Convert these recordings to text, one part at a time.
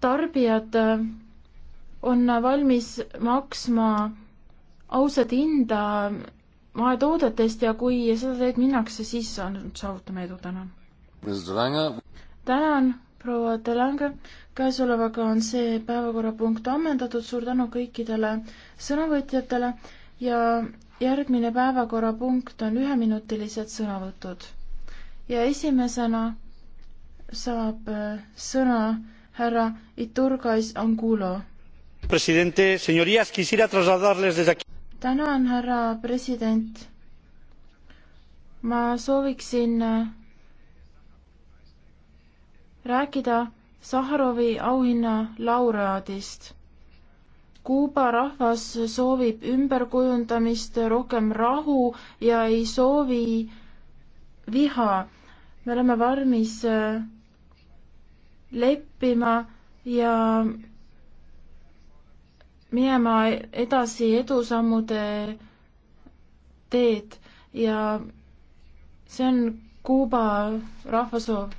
tarbijad äh, on valmis maksma ausat hinda maetoodetest ja kui seda teed minnakse, siis on, saavutame edu, tänan. tänan, proua Delange, käesolevaga on see päevakorrapunkt ammendatud, suur tänu kõikidele sõnavõtjatele ja järgmine päevakorrapunkt on üheminutilised sõnavõtud. ja esimesena saab äh, sõna härra Iturgais Angulo. tänan, härra president. ma sooviksin äh, rääkida Sahharovi auhinna laureaadist. Kuuba rahvas soovib ümberkujundamist, rohkem rahu ja ei soovi viha. me oleme valmis äh, leppima ja minema edasi edusammude teed ja see on Kuuba rahvasoov.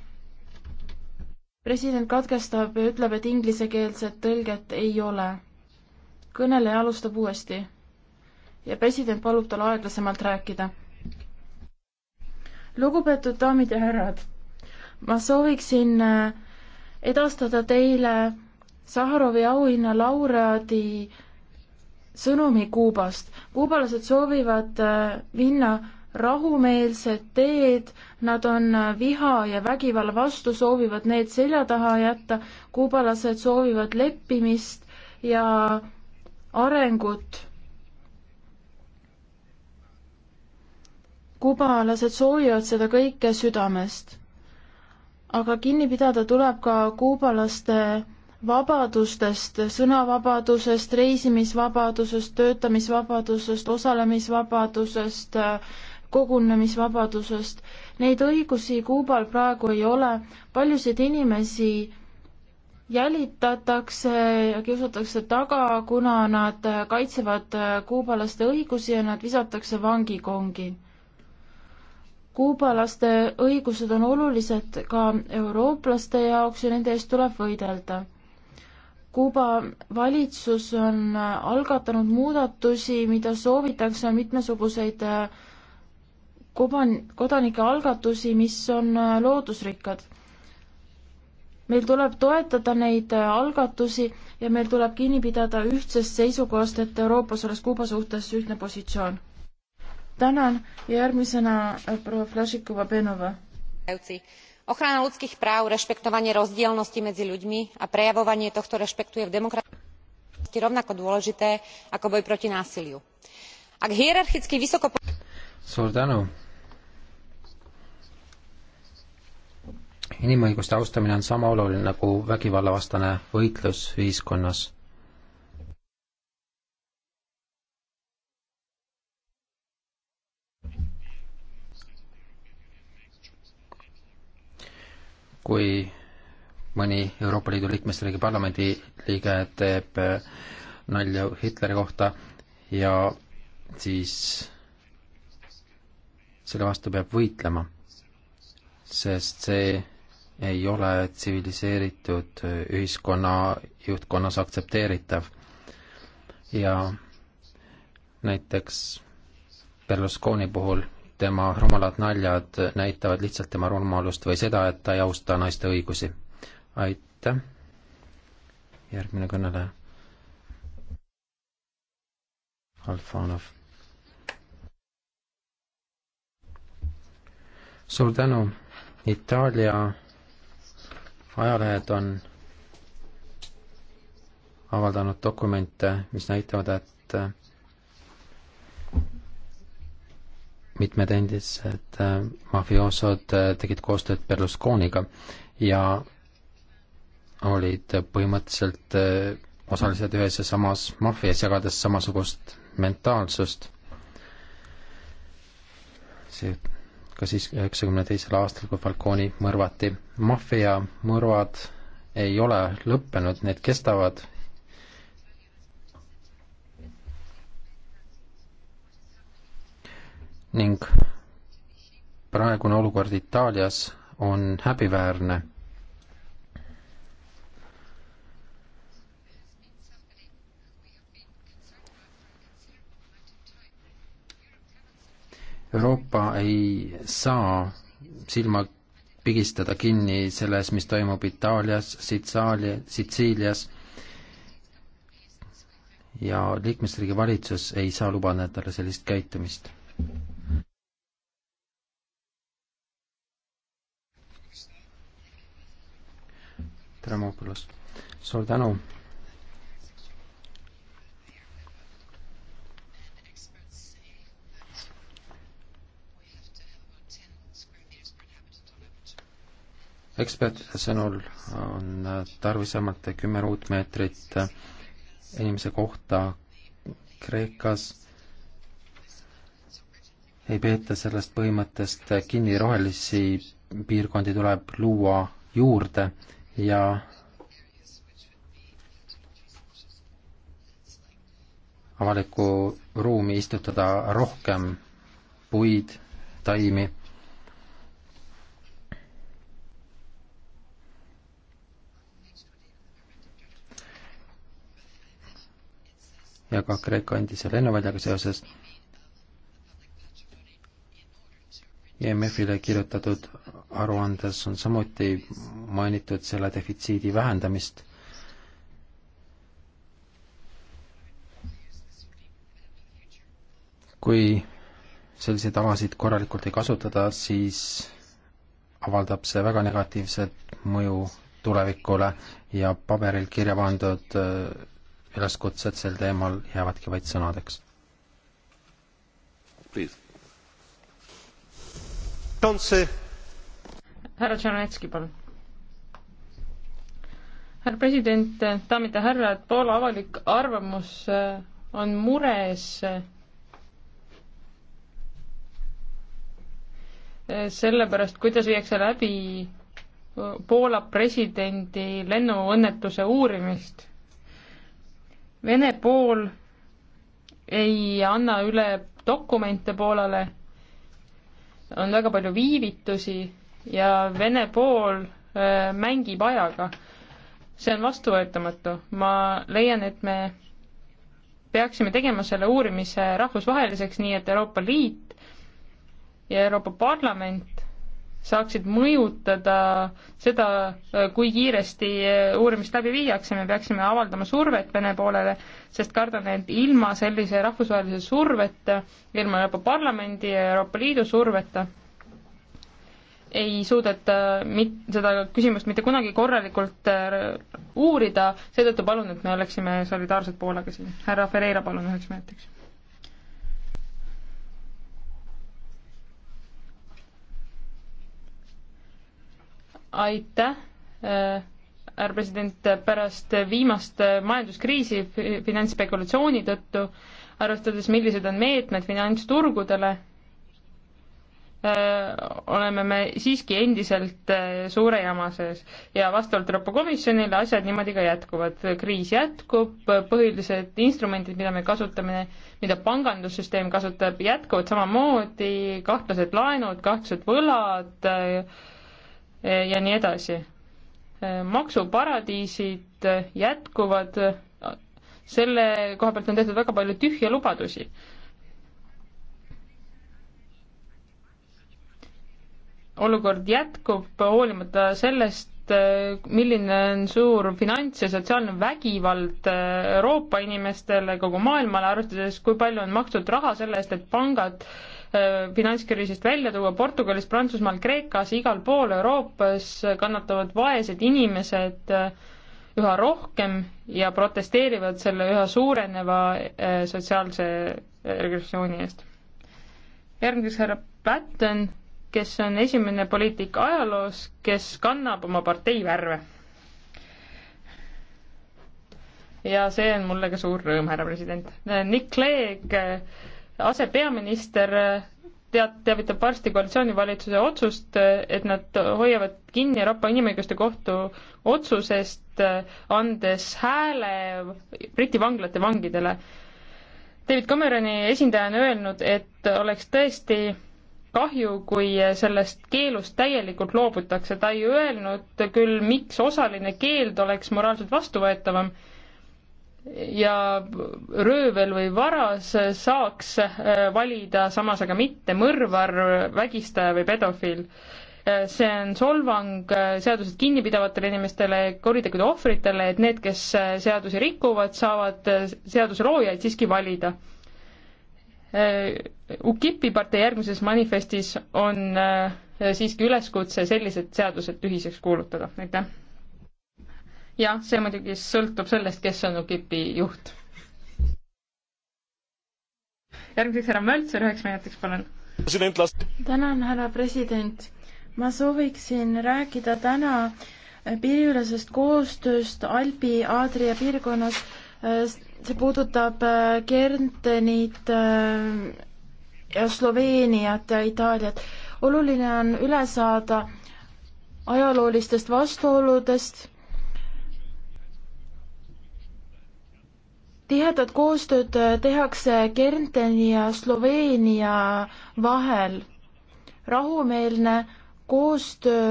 president katkestab ja ütleb, et inglisekeelset tõlget ei ole. kõneleja alustab uuesti ja president palub tal aeglasemalt rääkida. lugupeetud daamid ja härrad, ma sooviksin äh, edastada teile Saharovi auhinna laureaadi sõnumi Kuubast. kuubalased soovivad äh, minna rahumeelset teed, nad on äh, viha ja vägivalla vastu, soovivad need selja taha jätta, kuubalased soovivad leppimist ja arengut. kuubalased soovivad seda kõike südamest aga kinni pidada tuleb ka kuubalaste vabadustest, sõnavabadusest, reisimisvabadusest, töötamisvabadusest, osalemisvabadusest, kogunemisvabadusest. Neid õigusi Kuubal praegu ei ole, paljusid inimesi jälitatakse ja kiusatakse taga, kuna nad kaitsevad kuubalaste õigusi ja nad visatakse vangikongi kuubalaste õigused on olulised ka eurooplaste jaoks ja nende eest tuleb võidelda. Kuuba valitsus on algatanud muudatusi, mida soovitakse, mitmesuguseid äh, koban-, kodanike algatusi, mis on äh, loodusrikkad. meil tuleb toetada neid äh, algatusi ja meil tuleb kinni pidada ühtsest seisukohast, et Euroopas oleks Kuuba suhtes ühtne positsioon tänan, järgmisena äh, proua Flašikova-Benova. ochrana ľudských práv, rešpektovanie rozdielnosti medzi ľuďmi a prejavovanie tohto rešpektu je v demokratickej rovnako dôležité ako boj proti násiliu. Ak hierarchicky vysoko... suur tänu inimõiguste austamine on sama oluline nagu vägivallavastane võitlus ühiskonnas. kui mõni Euroopa Liidu liikmesriigi parlamendi liige teeb äh, nalja Hitleri kohta ja siis selle vastu peab võitlema, sest see ei ole tsiviliseeritud ühiskonna juhtkonnas aktsepteeritav. ja näiteks Berlusconi puhul tema rumalad naljad näitavad lihtsalt tema rumalust või seda, et ta ei austa naiste õigusi. aitäh. järgmine kõneleja. Alfanov. suur tänu. Itaalia ajalehed on avaldanud dokumente, mis näitavad, et mitmed endised äh, mafioosod äh, tegid koostööd Berlusconiga ja olid põhimõtteliselt äh, osalised ühes ja samas maffias, jagades samasugust mentaalsust. see ka siis üheksakümne teisel aastal, kui Falconi mõrvati. maffia mõrvad ei ole lõppenud, need kestavad ning praegune olukord Itaalias on häbiväärne. Euroopa ei saa silma pigistada kinni selles, mis toimub Itaalias, Sitsaali, Sitsiilias ja liikmesriigi valitsus ei saa lubada endale sellist käitumist Tremopolos. suur tänu. ekspertide sõnul on tarvis vähemalt kümme ruutmeetrit inimese kohta Kreekas ei peeta sellest põhimõttest kinni, rohelisi piirkondi tuleb luua juurde ja avalikku ruumi istutada rohkem puid, taimi. ja ka Kreeka endise lennuväljaga seoses IMF-ile e kirjutatud aruandes on samuti mainitud selle defitsiidi vähendamist. kui selliseid avasid korralikult ei kasutada, siis avaldab see väga negatiivset mõju tulevikule ja paberil kirja pandud äh, üleskutsed sel teemal jäävadki vaid sõnadeks. Please härra Tšernetski, palun. härra president, daamid ja härrad, Poola avalik arvamus eh, on mures eh, selle pärast, kuidas viiakse läbi Poola presidendi lennuõnnetuse uurimist. Vene pool ei anna üle dokumente Poolale on väga palju viivitusi ja Vene pool äh, mängib ajaga. see on vastuvõetamatu. ma leian, et me peaksime tegema selle uurimise rahvusvaheliseks, nii et Euroopa Liit ja Euroopa Parlament saaksid mõjutada seda, kui kiiresti uurimist läbi viiakse, me peaksime avaldama survet Vene poolele, sest kardan, et ilma sellise rahvusvahelise surveta, ilma Euroopa Parlamendi ja Euroopa Liidu surveta, ei suudeta mit-, seda küsimust mitte kunagi korralikult äh, uurida, seetõttu palun, et me oleksime solidaarsed Poolaga siin. härra Ferreira, palun üheks minutiks aitäh, äh, härra president, pärast viimast majanduskriisi finantsspekulatsiooni tõttu, arvestades, millised on meetmed finantsturgudele, äh, oleme me siiski endiselt äh, suure jama sees ja vastavalt Euroopa Komisjonile asjad niimoodi ka jätkuvad. kriis jätkub, põhilised instrumendid, mida me kasutame, mida pangandussüsteem kasutab, jätkuvad samamoodi, kahtlased laenud, kahtlased võlad, ja nii edasi. maksuparadiisid jätkuvad, selle koha pealt on tehtud väga palju tühje lubadusi. olukord jätkub hoolimata sellest, milline on suur finants- ja sotsiaalne vägivald Euroopa inimestele, kogu maailmale, arvestades, kui palju on makstud raha selle eest, et pangad äh, Äh, finantskriisist välja tuua, Portugalis, Prantsusmaal, Kreekas, igal pool Euroopas kannatavad vaesed inimesed äh, üha rohkem ja protesteerivad selle üha suureneva äh, sotsiaalse regressiooni eest. järgmiseks härra Patten, kes on esimene poliitik ajaloos, kes kannab oma partei värve. ja see on mulle ka suur rõõm, härra president. Nick Clegg asepeaminister eh, tead-, teavitab varsti koalitsioonivalitsuse otsust, eh, et nad hoiavad kinni Euroopa Inimõiguste Kohtu otsusest, eh, andes hääle Briti vanglate vangidele. David Cameroni esindaja on öelnud, et oleks tõesti kahju, kui sellest keelust täielikult loobutakse. ta ei öelnud küll, miks osaline keeld oleks moraalselt vastuvõetavam ja röövel või varas saaks äh, valida, samas aga mitte mõrvar, vägistaja või pedofiil. Äh, see on solvang äh, seadused kinnipidavatele inimestele, kuritegude ohvritele, et need, kes seadusi rikuvad, saavad seaduse loojaid siiski valida. UKIP-i partei järgmises manifestis on siiski üleskutse sellised seadused tühiseks kuulutada, aitäh jah, see muidugi sõltub sellest, kes on UKIP-i juht. järgmiseks härra Möltser, üheks minutiks palun. tänan, härra president. ma sooviksin rääkida täna piiriülesest koostööst Albi-Aadria piirkonnas. see puudutab äh, Kärntenit äh, ja Sloveeniat ja Itaaliat. oluline on üle saada ajaloolistest vastuoludest tihedat koostööd äh, tehakse Kernteni ja Sloveenia vahel. rahumeelne koostöö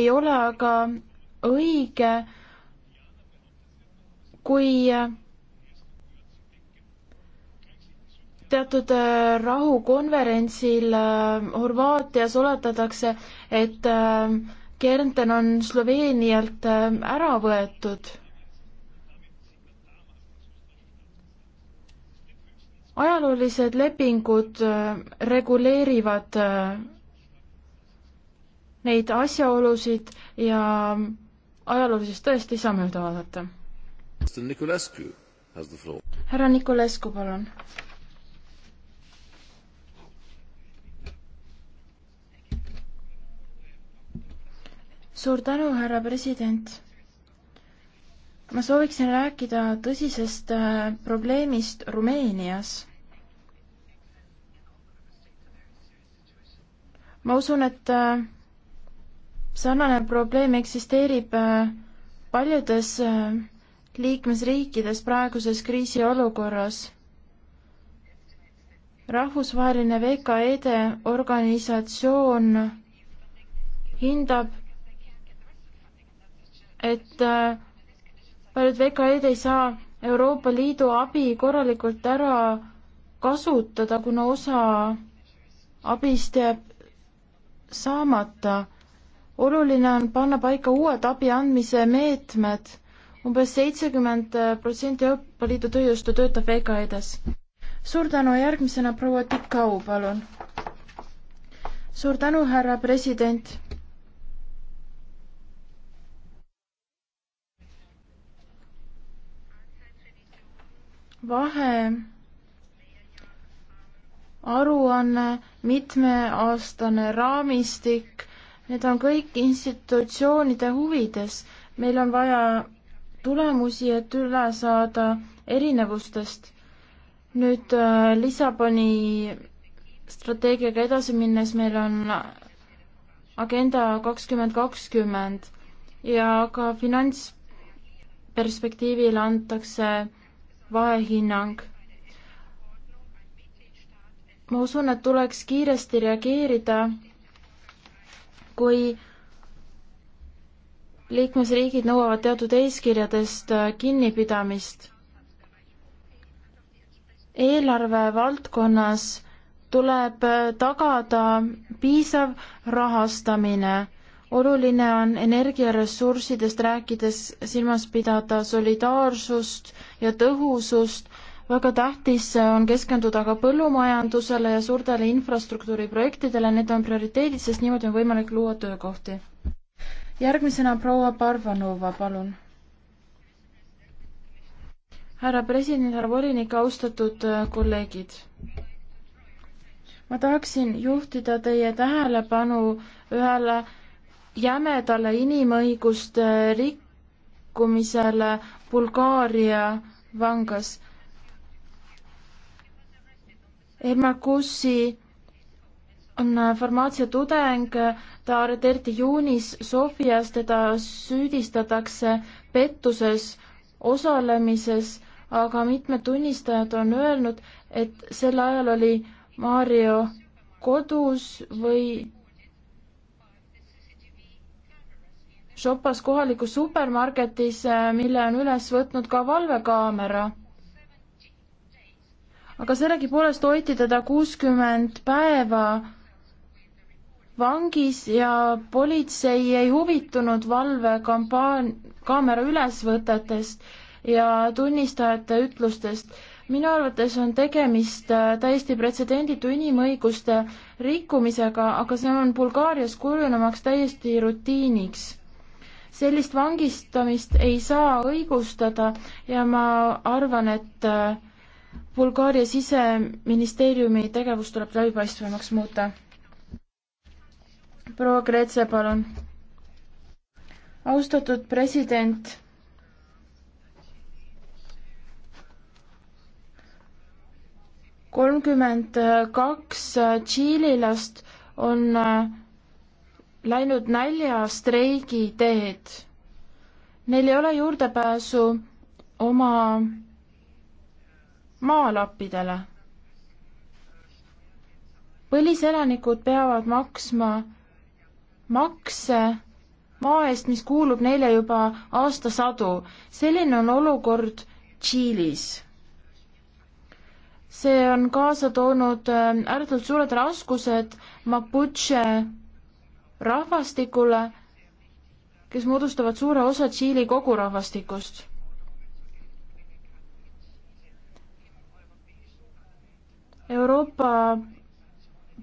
ei ole aga õige, kui äh, teatud äh, rahukonverentsil Horvaatias oletatakse, et Kärnten on Sloveenialt ära võetud ajaloolised lepingud äh, reguleerivad äh, neid asjaolusid ja ajaloolisest tõest ei saa mööda vaadata. härra Nikolescu, palun. suur tänu, härra president ma sooviksin rääkida tõsisest äh, probleemist Rumeenias. ma usun, et äh, sarnane probleem eksisteerib äh, paljudes liikmesriikides praeguses kriisiolukorras. rahvusvaheline VKE-de e organisatsioon hindab, et äh, paljud VKE-d ei saa Euroopa Liidu abi korralikult ära kasutada, kuna osa abist jääb saamata. oluline on panna paika uued abi andmise meetmed umbes. umbes seitsekümmend protsenti Euroopa Liidu tööjõustu töötab VKE-des. suur tänu, järgmisena proua Tikau, palun. suur tänu, härra president vahe aruanne, mitmeaastane raamistik, need on kõik institutsioonide huvides. meil on vaja tulemusi, et üle saada erinevustest. nüüd äh, Lissaboni strateegiaga edasi minnes meil on agenda kakskümmend kakskümmend ja ka finantsperspektiivile antakse vahehinnang. ma usun, et tuleks kiiresti reageerida, kui liikmesriigid nõuavad teatud eeskirjadest äh, kinnipidamist. eelarve valdkonnas tuleb äh, tagada piisav rahastamine oluline on energiaressurssidest rääkides silmas pidada solidaarsust ja tõhusust. väga tähtis on keskenduda ka põllumajandusele ja suurtele infrastruktuuriprojektidele, need on prioriteedid, sest niimoodi on võimalik luua töökohti. järgmisena proua Parvanova, palun. härra president, härra volinik, austatud äh, kolleegid ma tahaksin juhtida teie tähelepanu ühele jämedale inimõiguste rikkumisele Bulgaaria vangas. Ermakusi on farmaatsia tudeng, ta arreteeriti juunis Sofias, teda süüdistatakse pettuses osalemises, aga mitmed tunnistajad on öelnud, et sel ajal oli Mario kodus või shopas kohalikus supermarketis, äh, mille on üles võtnud ka valvekaamera. aga sellegipoolest hoiti teda kuuskümmend päeva vangis ja politsei ei huvitunud valvekampaan-, kaamera ülesvõtetest ja tunnistajate ütlustest. minu arvates on tegemist äh, täiesti pretsedenditu inimõiguste rikkumisega, aga see on Bulgaarias kujunemaks täiesti rutiiniks sellist vangistamist ei saa õigustada ja ma arvan, et äh, Bulgaaria siseministeeriumi tegevus tuleb läbipaistvamaks muuta. proua Kreetse, palun. austatud president kolmkümmend kaks äh, tšiililast on äh, läinud näljastreigi teed. Neil ei ole juurdepääsu oma maalappidele. põliselanikud peavad maksma makse maa eest, mis kuulub neile juba aastasadu. selline on olukord Tšiilis. see on kaasa toonud äh, ääretult suured raskused Mapuche rahvastikule, kes moodustavad suure osa Tšiili kogurahvastikust. Euroopa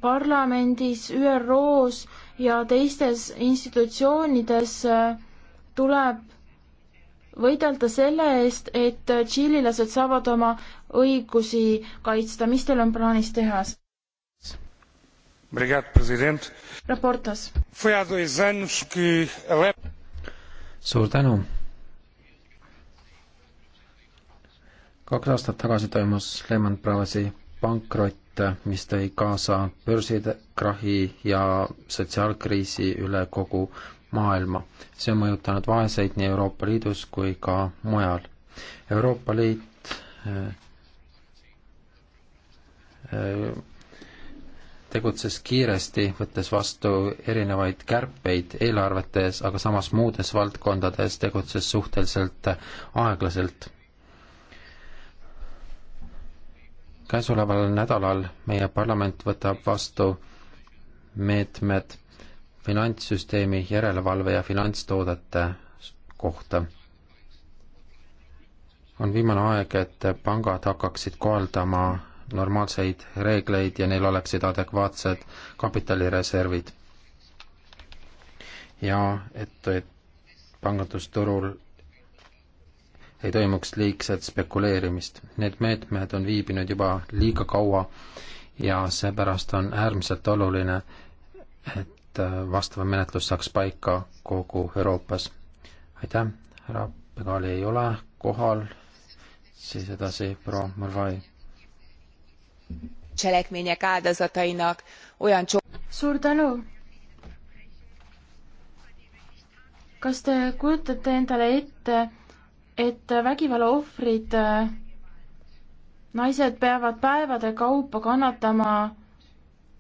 Parlamendis, ÜRO-s ja teistes institutsioonides äh, tuleb võidelda selle eest, et tšiililased saavad oma õigusi kaitsta. mis teil on plaanis teha? raportas. suur tänu. kaks aastat tagasi toimus Lehman Brothersi pankrott, mis tõi kaasa börside krahi ja sotsiaalkriisi üle kogu maailma. see on mõjutanud vaeseid nii Euroopa Liidus kui ka mujal. Euroopa Liit äh, äh, tegutses kiiresti, võttes vastu erinevaid kärpeid eelarvetes, aga samas muudes valdkondades tegutses suhteliselt aeglaselt. käesoleval nädalal meie parlament võtab vastu meetmed finantssüsteemi järelevalve ja finantstoodete kohta. on viimane aeg, et pangad hakkaksid kohaldama normaalseid reegleid ja neil oleksid adekvaatsed kapitalireservid. ja et, et pangandusturul ei toimuks liigset spekuleerimist. Need meetmed on viibinud juba liiga kaua ja seepärast on äärmiselt oluline, et äh, vastav menetlus saaks paika kogu Euroopas. aitäh, härra Pegali ei ole kohal, siis edasi proua Mõrvai cselekmények áldozatainak olyan suur tänu! kas te kujutate endale ette, et vägivalla ohvrid, äh, naised peavad päevade kaupa kannatama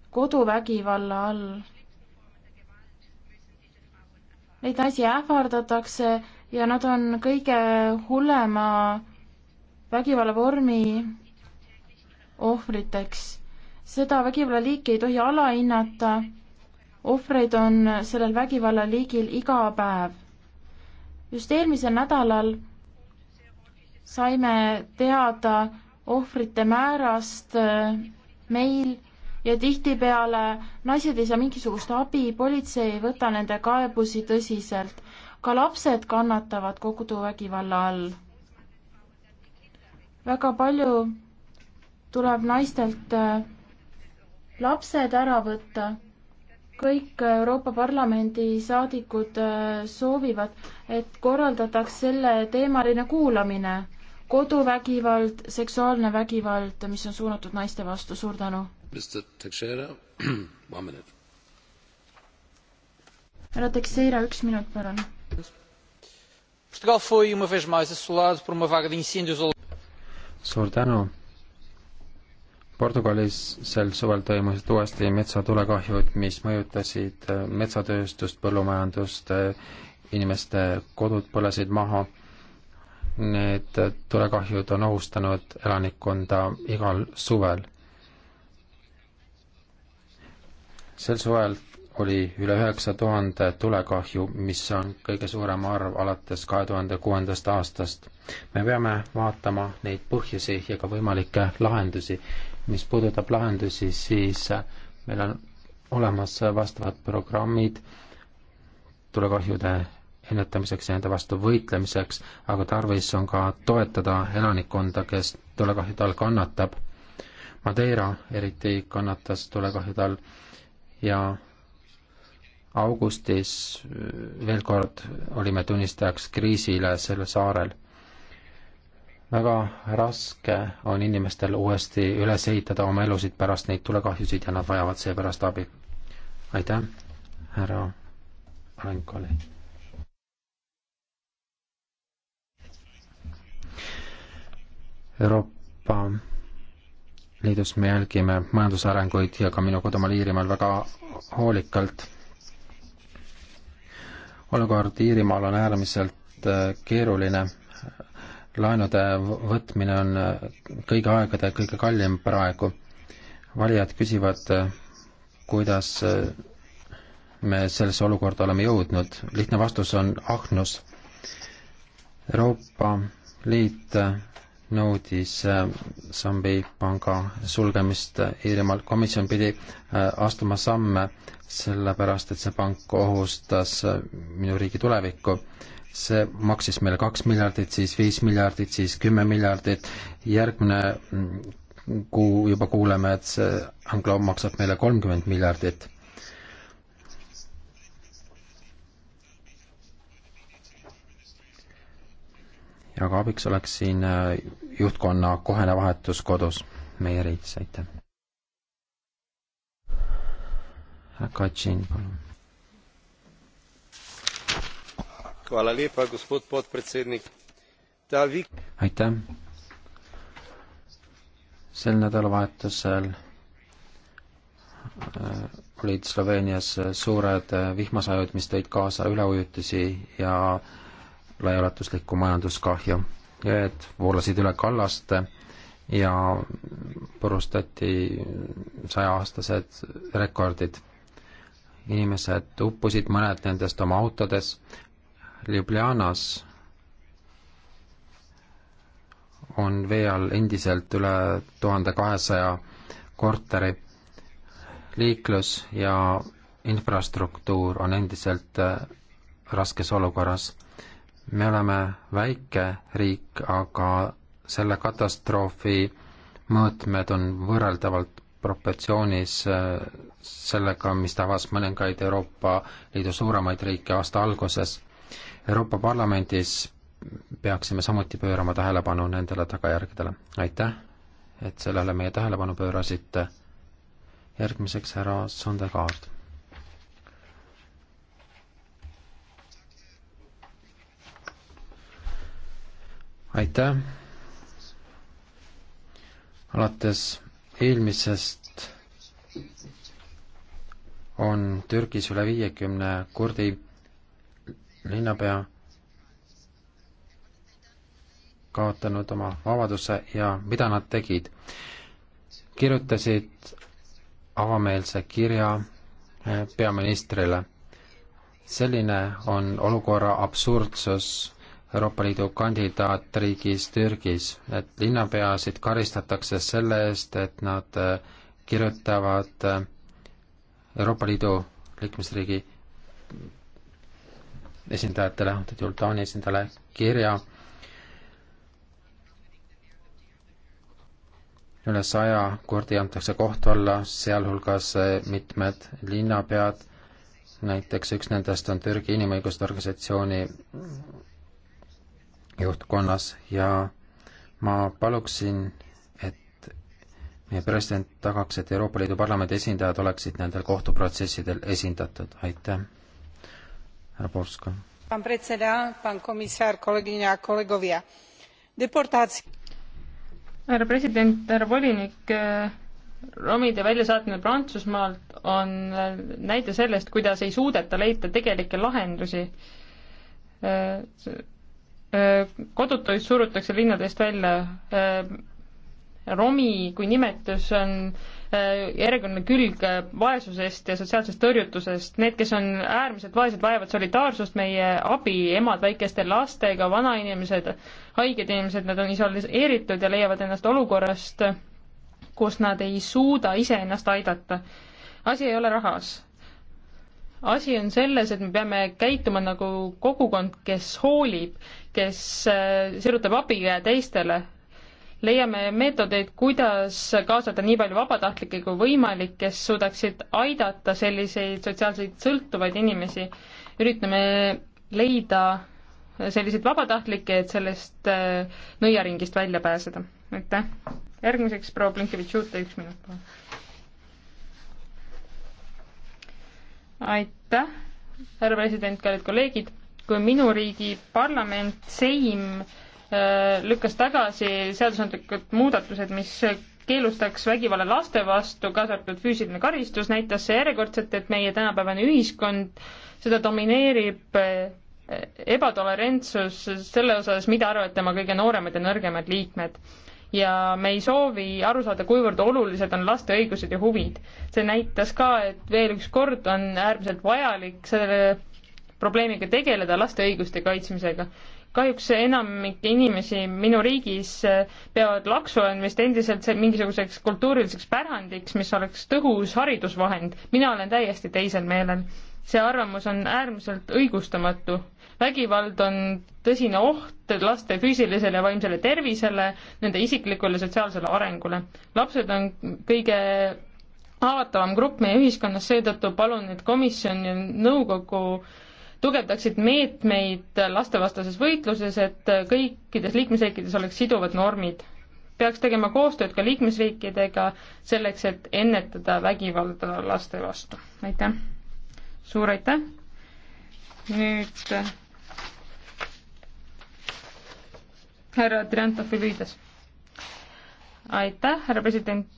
koduvägivalla all? Neid naisi ähvardatakse ja nad on kõige hullema vägivallavormi ohvriteks. seda vägivallaliiki ei tohi alahinnata, ohvreid on sellel vägivallaliigil iga päev. just eelmisel nädalal saime teada ohvrite määrast äh, meil ja tihtipeale naised ei saa mingisugust abi, politsei ei võta nende kaebusi tõsiselt. ka lapsed kannatavad koguduvägivalla all. väga palju tuleb naistelt äh, lapsed ära võtta. kõik Euroopa Parlamendi saadikud äh, soovivad, et korraldataks selle teemaline kuulamine, koduvägivald, seksuaalne vägivald, mis on suunatud naiste vastu, suur tänu. härra Teixeira, üks minut, palun. Portugal foi uma vez mais assolado por uma vaga de incêndios. Suur tänu Portugalis sel suvel toimusid uuesti metsatulekahjud, mis mõjutasid äh, metsatööstust, põllumajandust, äh, inimeste kodud põlesid maha. Need äh, tulekahjud on ohustanud elanikkonda igal suvel. sel suvel oli üle üheksa tuhande tulekahju, mis on kõige suurem arv alates kahe tuhande kuuendast aastast. me peame vaatama neid põhjusi ja ka võimalikke lahendusi mis puudutab lahendusi, siis äh, meil on olemas vastavad programmid tulekahjude ennetamiseks ja nende vastu võitlemiseks, aga tarvis on ka toetada elanikkonda, kes tulekahjude all kannatab. Madeira eriti kannatas tulekahjude all ja augustis äh, veel kord olime tunnistajaks kriisile sellel saarel väga raske on inimestel uuesti üles ehitada oma elusid pärast neid tulekahjusid ja nad vajavad seepärast abi. aitäh, härra Arenkoli. Euroopa Liidus me jälgime majandusarenguid ja ka minu kodumaal Iirimaal väga hoolikalt. olukord Iirimaal on äärmiselt äh, keeruline laenude võtmine on äh, kõigi aegade kõige kallim praegu. valijad küsivad, äh, kuidas äh, me sellesse olukorda oleme jõudnud. lihtne vastus on ahnus. Euroopa Liit nõudis Sambi panga sulgemist Iirimaal. komisjon pidi astuma samme, sellepärast et see pank ohustas minu riigi tulevikku see maksis meile kaks miljardit, siis viis miljardit, siis kümme miljardit, järgmine mm, kuu juba kuuleme, et see Anglo maksab meile kolmkümmend miljardit. ja ka abiks oleks siin äh, juhtkonna kohene vahetus kodus meie riigis, aitäh. Äh, Katšin, palun lepa, gospod podpredsednik. aitäh. sel nädalavahetusel äh, olid Sloveenias äh, suured äh, vihmasajud, mis tõid kaasa üleujutusi ja laiaulatuslikku majanduskahju. jõed voolasid üle kallaste ja purustati sajaaastased rekordid. inimesed uppusid, mõned nendest oma autodes, Ljubljanas on vee all endiselt üle tuhande kahesaja korteri. liiklus ja infrastruktuur on endiselt äh, raskes olukorras. me oleme väike riik, aga selle katastroofi mõõtmed on võrreldavalt proportsioonis äh, sellega, mis tabas mõningaid Euroopa Liidu suuremaid riike aasta alguses Euroopa Parlamendis peaksime samuti pöörama tähelepanu nendele tagajärgedele. aitäh, et sellele meie tähelepanu pöörasite. järgmiseks härra Sondekaard. aitäh. alates eelmisest on Türgis üle viiekümne kurdi linnapea kaotanud oma vabaduse ja mida nad tegid? kirjutasid avameelse kirja eh, peaministrile. selline on olukorra absurdsus Euroopa Liidu kandidaatriigis Türgis, et linnapeasid karistatakse selle eest, et nad eh, kirjutavad eh, Euroopa Liidu liikmesriigi esindajatele, antud juhul Taani esindajale kirja üle saja kordi antakse kohtu alla, sealhulgas eh, mitmed linnapead, näiteks üks nendest on Türgi Inimõiguste Organisatsiooni juhtkonnas ja ma paluksin, et meie president tagaks, et Euroopa Liidu Parlamendi esindajad oleksid nendel kohtuprotsessidel esindatud, aitäh! härra Porska. pán predseda, pán komisár, kolegyňa a kolegovia. deportácia. härra president, härra volinik, eh, romide väljasaatmine Prantsusmaalt on eh, näide sellest, kuidas ei suudeta leida tegelikke lahendusi. Eh, kodutuid surutakse linnadest välja. romi kui nimetus on Äh, järjekordne külg äh, vaesusest ja sotsiaalsest tõrjutusest. Need, kes on äärmiselt vaesed, vajavad solidaarsust, meie abi, emad väikeste lastega, vanainimesed, haiged inimesed, nad on isoleeritud ja leiavad ennast olukorrast, kus nad ei suuda iseennast aidata. asi ei ole rahas asi on selles, et me peame käituma nagu kogukond, kes hoolib, kes äh, sirutab abikäe teistele leiame meetodeid, kuidas kaasata nii palju vabatahtlikke kui võimalik, kes suudaksid aidata selliseid sotsiaalseid sõltuvaid inimesi. üritame leida selliseid vabatahtlikke, et sellest äh, nõiaringist välja pääseda. aitäh. järgmiseks proua Blinkevitš-Juute, üks minut palun. aitäh, härra president, kallid kolleegid. kui minu riigi parlament, Seim Äh, lükkas tagasi seadusandlikud muudatused, mis keelustaks vägivalla laste vastu, kaasa arvatud füüsiline karistus, näitas see järjekordselt, et meie tänapäevane ühiskond, seda domineerib äh, ebatolerantsus selle osas, mida arvavad tema kõige nooremad ja nõrgemad liikmed. ja me ei soovi aru saada, kuivõrd olulised on laste õigused ja huvid. see näitas ka, et veel üks kord on äärmiselt vajalik selle probleemiga tegeleda laste õiguste kaitsmisega kahjuks enamik inimesi minu riigis eh, peavad laksu andmist endiselt mingisuguseks kultuuriliseks pärandiks, mis oleks tõhus haridusvahend. mina olen täiesti teisel meelel. see arvamus on äärmiselt õigustamatu. vägivald on tõsine oht laste füüsilisele ja vaimsele tervisele, nende isiklikule ja sotsiaalsele arengule. lapsed on kõige haavatavam grupp meie ühiskonnas, seetõttu palun, et komisjon ja nõukogu äh, tugevdaksid meetmeid lastevastases võitluses, et kõikides liikmesriikides oleks siduvad normid. peaks tegema koostööd ka liikmesriikidega selleks, et ennetada vägivalda laste vastu. aitäh! suur aitäh! nüüd härra Triantofi lüüdes. aitäh, härra president,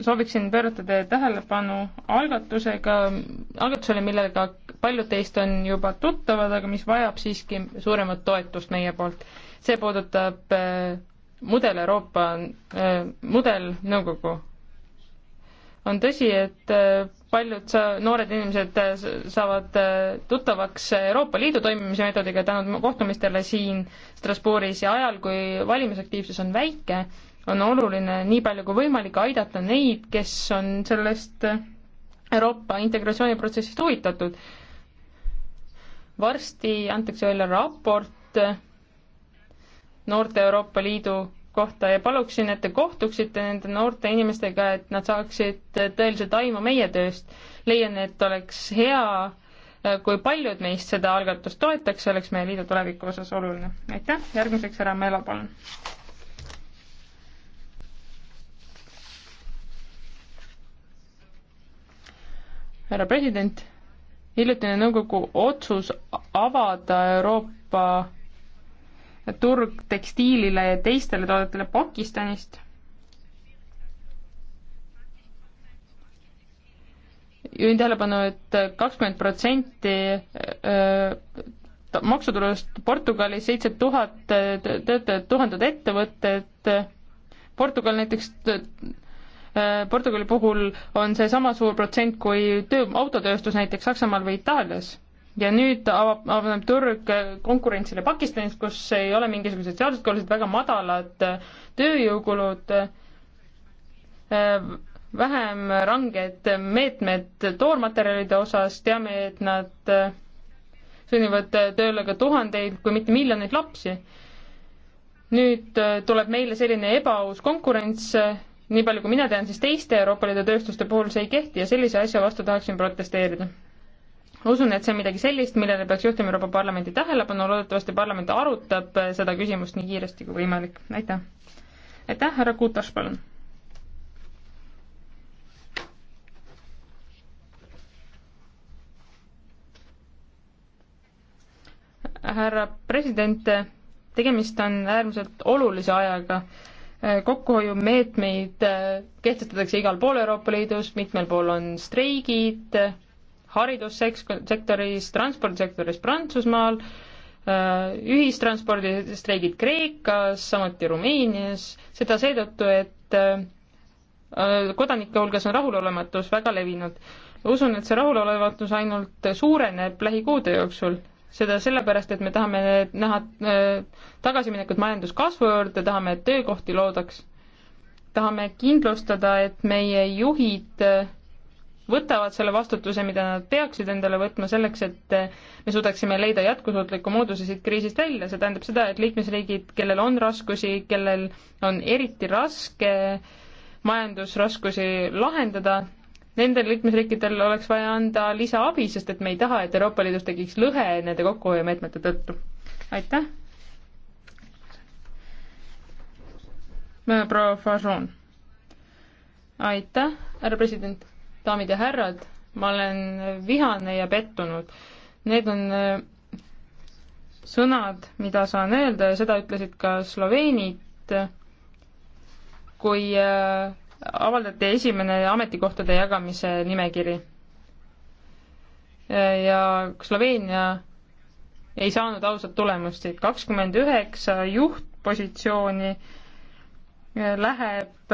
sooviksin pöörata teie tähelepanu algatusega, algatusele, millega paljud teist on juba tuttavad, aga mis vajab siiski suuremat toetust meie poolt. see puudutab äh, mudel Euroopa, äh, mudelnõukogu. on tõsi, et äh, paljud sa-, noored inimesed saavad tuttavaks Euroopa Liidu toimimise meetodiga tänu kohtumistele siin Strasbourgis ja ajal, kui valimisaktiivsus on väike, on oluline nii palju kui võimalik aidata neid, kes on sellest Euroopa integratsiooniprotsessist huvitatud varsti antakse välja raport noorte Euroopa Liidu kohta ja paluksin, et te kohtuksite nende noorte inimestega, et nad saaksid tõeliselt aimu meie tööst. leian, et oleks hea, kui paljud meist seda algatust toetaks, see oleks meie liidu tuleviku osas oluline. aitäh, järgmiseks härra Melo, palun. härra president hiljutine nõukogu otsus avada Euroopa turg tekstiilile ja teistele toodetele Pakistanist. juhin tähelepanu et, et kakskümmend protsenti äh, maksutulust Portugalis, seitse tuhat äh, töötajat, tuhanded ettevõtted, Portugal näiteks Äh, Portugali puhul on see sama suur protsent kui töö, autotööstus näiteks Saksamaal või Itaalias. ja nüüd avab, avaneb turg äh, konkurentsile Pakistanis, kus ei ole mingisuguseid seaduseid, olid väga madalad äh, tööjõukulud, vähem ranged meetmed toormaterjalide osas, teame, et nad sunnivad tööle ka tuhandeid, kui mitte miljoneid lapsi. nüüd tuleb meile selline ebaaus konkurents nii palju kui mina tean, siis teiste Euroopa Liidu tööstuste puhul see ei kehti ja sellise asja vastu tahaksin protesteerida. usun, et see on midagi sellist, millele peaks juhtima Euroopa Parlamendi tähelepanu, loodetavasti parlament arutab eh, seda küsimust nii kiiresti kui võimalik, aitäh. aitäh, härra Kutas, palun. härra president, tegemist on äärmiselt olulise ajaga Äh, kokkuhoiumeetmeid äh, kehtestatakse igal pool Euroopa Liidus, mitmel pool on streigid, äh, haridussektoris, transpordisektoris Prantsusmaal, ühistranspordistreigid Kreekas, samuti Rumeenias, seda seetõttu, et kodanike hulgas on rahulolematus väga levinud. usun, et see rahulolematus ainult suureneb lähikuude jooksul seda sellepärast, et me tahame näha äh, tagasiminekut majanduskasvu juurde, tahame, et töökohti loodaks. tahame kindlustada, et meie juhid äh, võtavad selle vastutuse, mida nad peaksid endale võtma selleks, et äh, me suudaksime leida jätkusuutliku mooduse siit kriisist välja, see tähendab seda, et liikmesriigid, kellel on raskusi, kellel on eriti raske majandusraskusi lahendada, nendel liikmesriikidel oleks vaja anda lisaabi, sest et me ei taha, et Euroopa Liidus tekiks lõhe nende kokkuhoiumeetmete tõttu. aitäh. Äh, proua Fajon. aitäh, härra president, daamid ja härrad, ma olen vihane ja pettunud. Need on äh, sõnad, mida saan öelda ja seda ütlesid ka sloveenid, kui äh, avaldati esimene ametikohtade jagamise nimekiri. ja Sloveenia ei saanud ausat tulemust, et kakskümmend üheksa juhtpositsiooni äh, läheb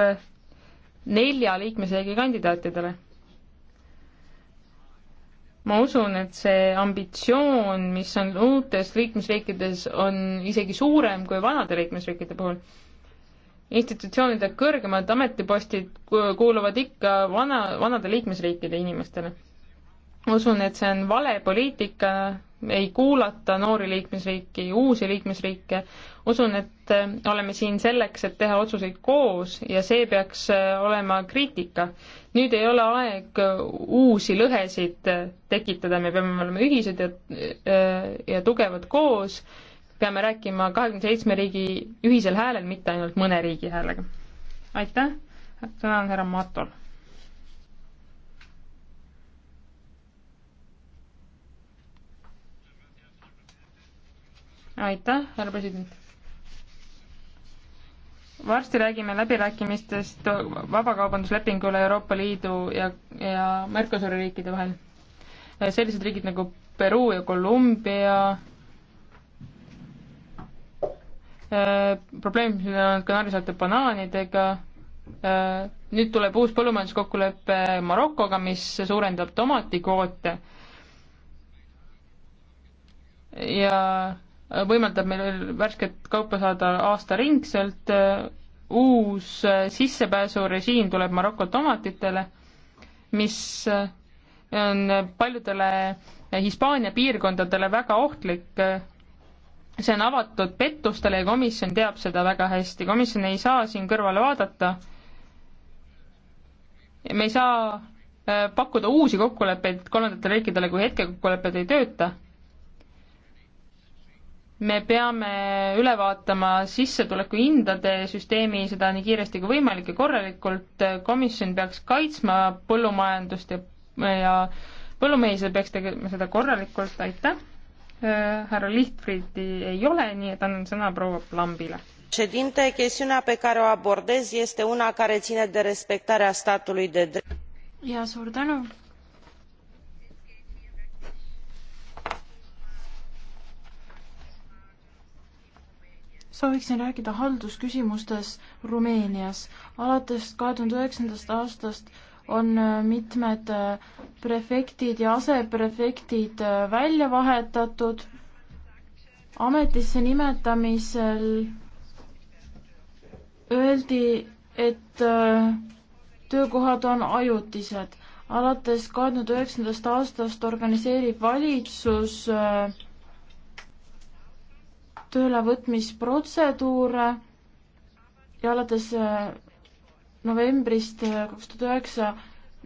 nelja liikmesriigi kandidaatidele. ma usun, et see ambitsioon, mis on uutes liikmesriikides, on isegi suurem kui vanade liikmesriikide puhul institutsioonide kõrgemad ametipostid kuuluvad ikka vana, vanade liikmesriikide inimestele. usun, et see on vale poliitika, ei kuulata noori liikmesriiki, uusi liikmesriike, usun, et äh, oleme siin selleks, et teha otsuseid koos ja see peaks äh, olema kriitika. nüüd ei ole aeg äh, uusi lõhesid tekitada, me peame olema ühised ja, ja tugevad koos peame rääkima kahekümne seitsme riigi ühisel häälel, mitte ainult mõne riigi häälega. aitäh, sõna on härra Matol. aitäh, härra president. varsti räägime läbirääkimistest vabakaubanduslepingule Euroopa Liidu ja, ja Mercosuri riikide vahel. sellised riigid nagu Peruu ja Kolumbia Äh, probleemid, mis meil on Kanaarisaarte banaanidega, äh, nüüd tuleb uus põllumajanduskokkulepe Marokoga, mis suurendab tomatikvoote ja võimaldab meil värsket kaupa saada aastaringselt, uus sissepääsurežiim tuleb Maroko tomatitele, mis on paljudele Hispaania piirkondadele väga ohtlik, see on avatud pettustele ja komisjon teab seda väga hästi, komisjon ei saa siin kõrvale vaadata. me ei saa äh, pakkuda uusi kokkuleppeid kolmandatele riikidele, kui hetkekokkulepped ei tööta. me peame üle vaatama sissetulekuhindade süsteemi, seda nii kiiresti kui võimalik ja korralikult, komisjon peaks kaitsma põllumajandust ja, ja põllumehi, peaks tegema seda korralikult, aitäh Äh, härra Lihtfriedi ei ole, nii et annan sõna proua Lambile. chestiunea pe care o abordez este una care ține de respectarea statului de drept. ja suur tänu. sooviksin rääkida haldusküsimustes Rumeenias. alates kahe tuhande üheksandast aastast on äh, mitmed äh, prefektid ja aseprefektid äh, välja vahetatud. ametisse nimetamisel öeldi, et töökohad on ajutised. alates kahe tuhande üheksandast aastast organiseerib valitsus töölevõtmisprotseduure ja alates novembrist äh, kaks tuhat üheksa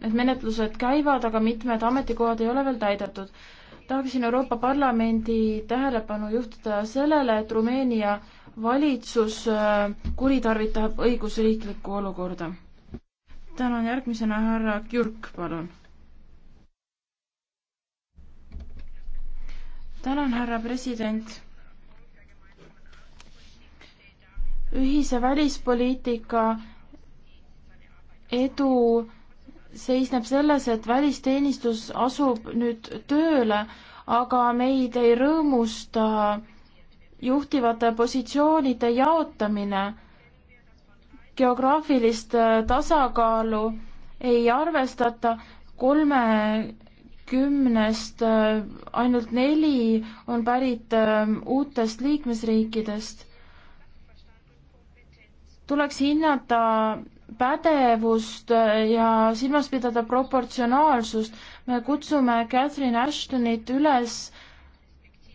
need menetlused käivad, aga mitmed ametikohad ei ole veel täidetud. tahaksin Euroopa Parlamendi tähelepanu juhtida sellele, et Rumeenia valitsus äh, kuritarvitab õigusriiklikku olukorda. tänan järgmisena härra Kjurk, palun. tänan, härra president. ühise välispoliitika edu seisneb selles, et välisteenistus asub nüüd tööle, aga meid ei rõõmusta juhtivate positsioonide jaotamine. geograafilist äh, tasakaalu ei arvestata, kolmekümnest äh, ainult neli on pärit äh, uutest liikmesriikidest. tuleks hinnata pädevust äh, ja silmas pidada proportsionaalsust. me kutsume Catherine Ashtonit üles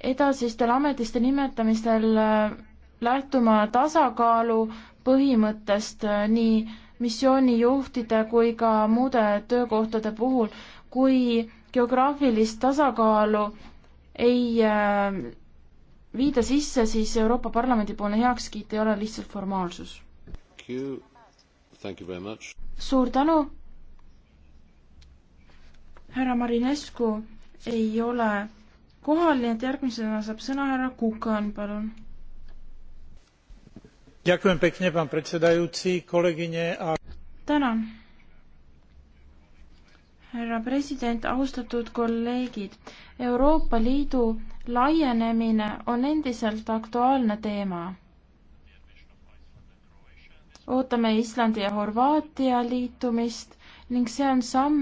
edasistel ametiste nimetamistel äh, lähtuma tasakaalu põhimõttest äh, nii missioonijuhtide kui ka muude töökohtade puhul, kui geograafilist tasakaalu ei viida sisse, siis Euroopa Parlamendi poolne heakskiit ei ole lihtsalt formaalsus suur tänu. härra Marinescu ei ole kohal, nii et järgmisena saab sõna härra Kukan, palun. tänan. härra president, austatud kolleegid, Euroopa Liidu laienemine on endiselt aktuaalne teema ootame Islandi ja Horvaatia liitumist ning see on samm,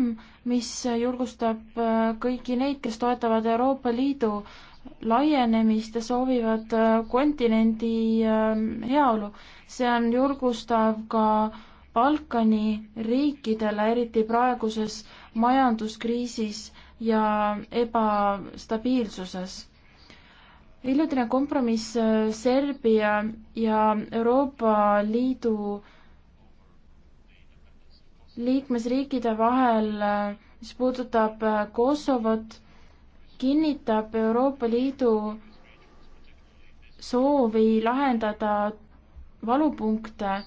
mis julgustab äh, kõiki neid, kes toetavad Euroopa Liidu laienemist ja soovivad äh, kontinendi ähm, heaolu. see on julgustav ka Balkani riikidele, eriti praeguses majanduskriisis ja ebastabiilsuses hiljutine kompromiss äh, Serbia ja Euroopa Liidu liikmesriikide vahel, äh, mis puudutab äh, Kosovot, kinnitab Euroopa Liidu soovi lahendada valupunkte,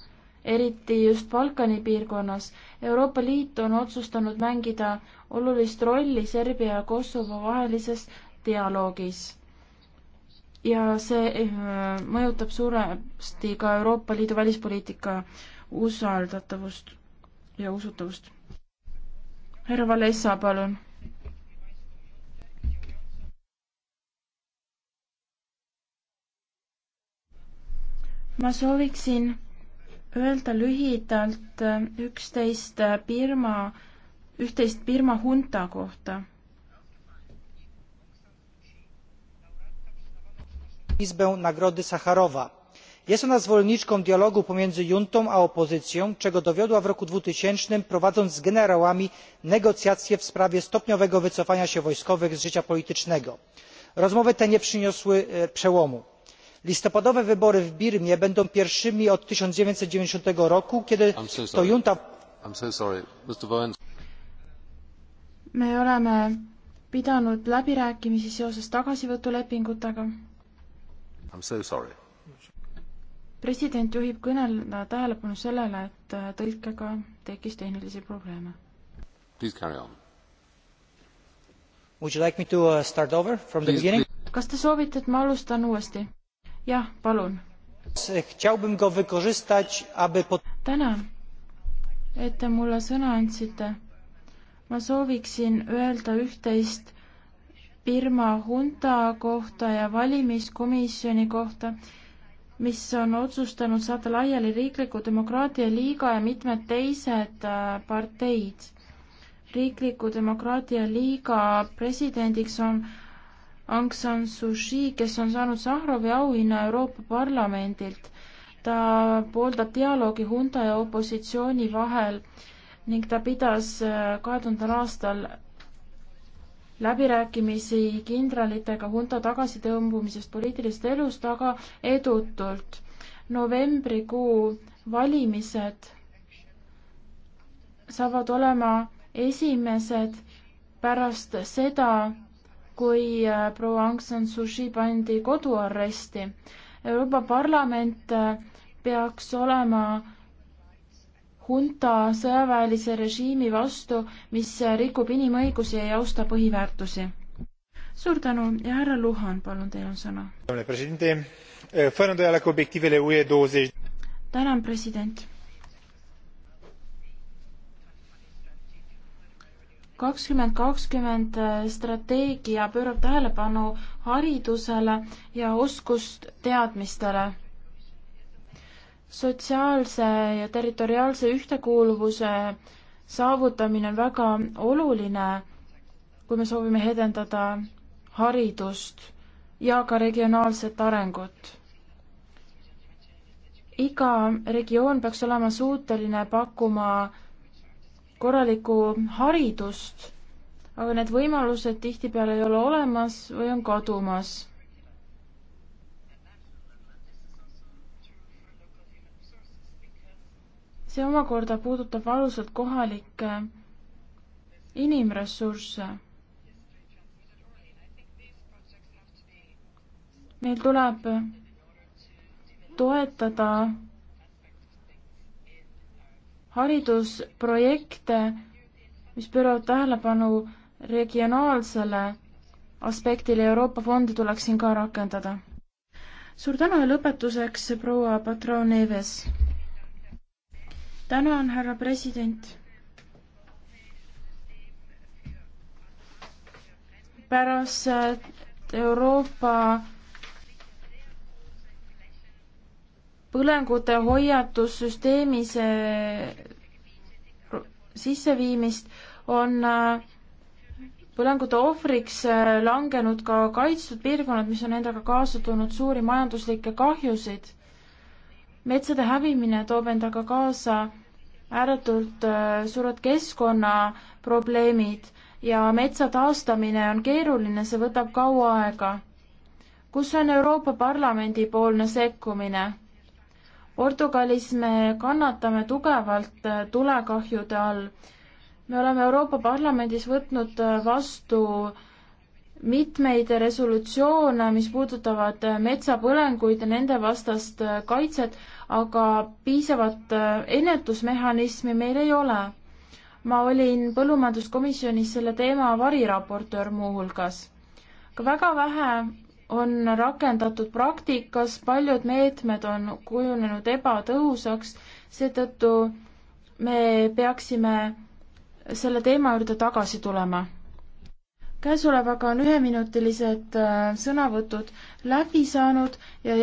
eriti just Balkani piirkonnas. Euroopa Liit on otsustanud mängida olulist rolli Serbia ja Kosovo vahelises dialoogis ja see eh, mõjutab suuresti ka Euroopa Liidu välispoliitika usaldatavust ja usutavust. härra Valesa, palun. ma sooviksin öelda lühidalt eh, üksteist eh, Birma, üht-teist Birma hunta kohta izbę nagrody sacharowa. jest ona zwolenniczką dialogu pomiędzy juntą a opozycją czego dowiodła w roku dwa tysiące prowadząc z generałami negocjacje w sprawie stopniowego wycofania się wojskowych z życia politycznego. rozmowy te nie przyniosły e, przełomu. listopadowe wybory w birmie będą pierwszymi od tysiąc dziewięćset dziewięćdzisiąt roku kiedy to junta. me oleme pidanud läbirääkimisi seoses tagasivõtulepingutega president juhib kõneleja tähelepanu sellele, et äh, tõlkega tekkis tehnilisi probleeme. Like uh, kas te soovite, et ma alustan uuesti? jah, palun. tänan, et te mulle sõna andsite. ma sooviksin öelda üht-teist Birma hunta kohta ja valimiskomisjoni kohta, mis on otsustanud saata laiali Riikliku Demokraatia Liiga ja mitmed teised äh, parteid. riikliku Demokraatia Liiga presidendiks on Aung San Suu Kyi, kes on saanud Sahhrovi auhinna Euroopa Parlamendilt. ta pooldab dialoogi hunta ja opositsiooni vahel ning ta pidas äh, kahe tuhandendal aastal läbirääkimisi kindralitega hunta tagasitõmbumisest poliitilisest elust, aga edutult. novembrikuu valimised saavad olema esimesed pärast seda, kui äh, proua Aung San Suu Kyi pandi koduarresti. Euroopa Parlament äh, peaks olema hunta sõjaväelise režiimi vastu, mis rikub inimõigusi ja ei austa põhiväärtusi. suur tänu ja härra Luhan, palun, teil on sõna. tänan, president. kakskümmend kakskümmend strateegia pöörab tähelepanu haridusele ja oskusteadmistele sotsiaalse ja territoriaalse ühtekuuluvuse saavutamine on väga oluline, kui me soovime edendada haridust ja ka regionaalset arengut. iga regioon peaks olema suuteline pakkuma korralikku haridust, aga need võimalused tihtipeale ei ole olemas või on kadumas see omakorda puudutab valusalt kohalikke inimressursse. meil tuleb toetada haridusprojekte, mis pööravad tähelepanu regionaalsele aspektile ja Euroopa fonde tuleks siin ka rakendada. suur tänu ja lõpetuseks proua Patrao Neves tänan, härra president. pärast äh, Euroopa põlengute hoiatussüsteemi see äh, sisseviimist on äh, põlengute ohvriks langenud ka kaitstud piirkonnad, mis on endaga kaasa toonud suuri majanduslikke kahjusid metsade hävimine toob endaga kaasa ääretult äh, suured keskkonnaprobleemid ja metsa taastamine on keeruline, see võtab kaua aega. kus on Euroopa Parlamendi poolne sekkumine? Portugalis me kannatame tugevalt äh, tulekahjude all. me oleme Euroopa Parlamendis võtnud äh, vastu äh, mitmeid resolutsioone, mis puudutavad metsapõlenguid ja nende vastast kaitset, aga piisavat ennetusmehhanismi meil ei ole. ma olin põllumajanduskomisjonis selle teema variraportöör muuhulgas. ka väga vähe on rakendatud praktikas, paljud meetmed on kujunenud ebatõhusaks, seetõttu me peaksime selle teema juurde tagasi tulema käesolevaga on üheminutilised äh, sõnavõtud läbi saanud ja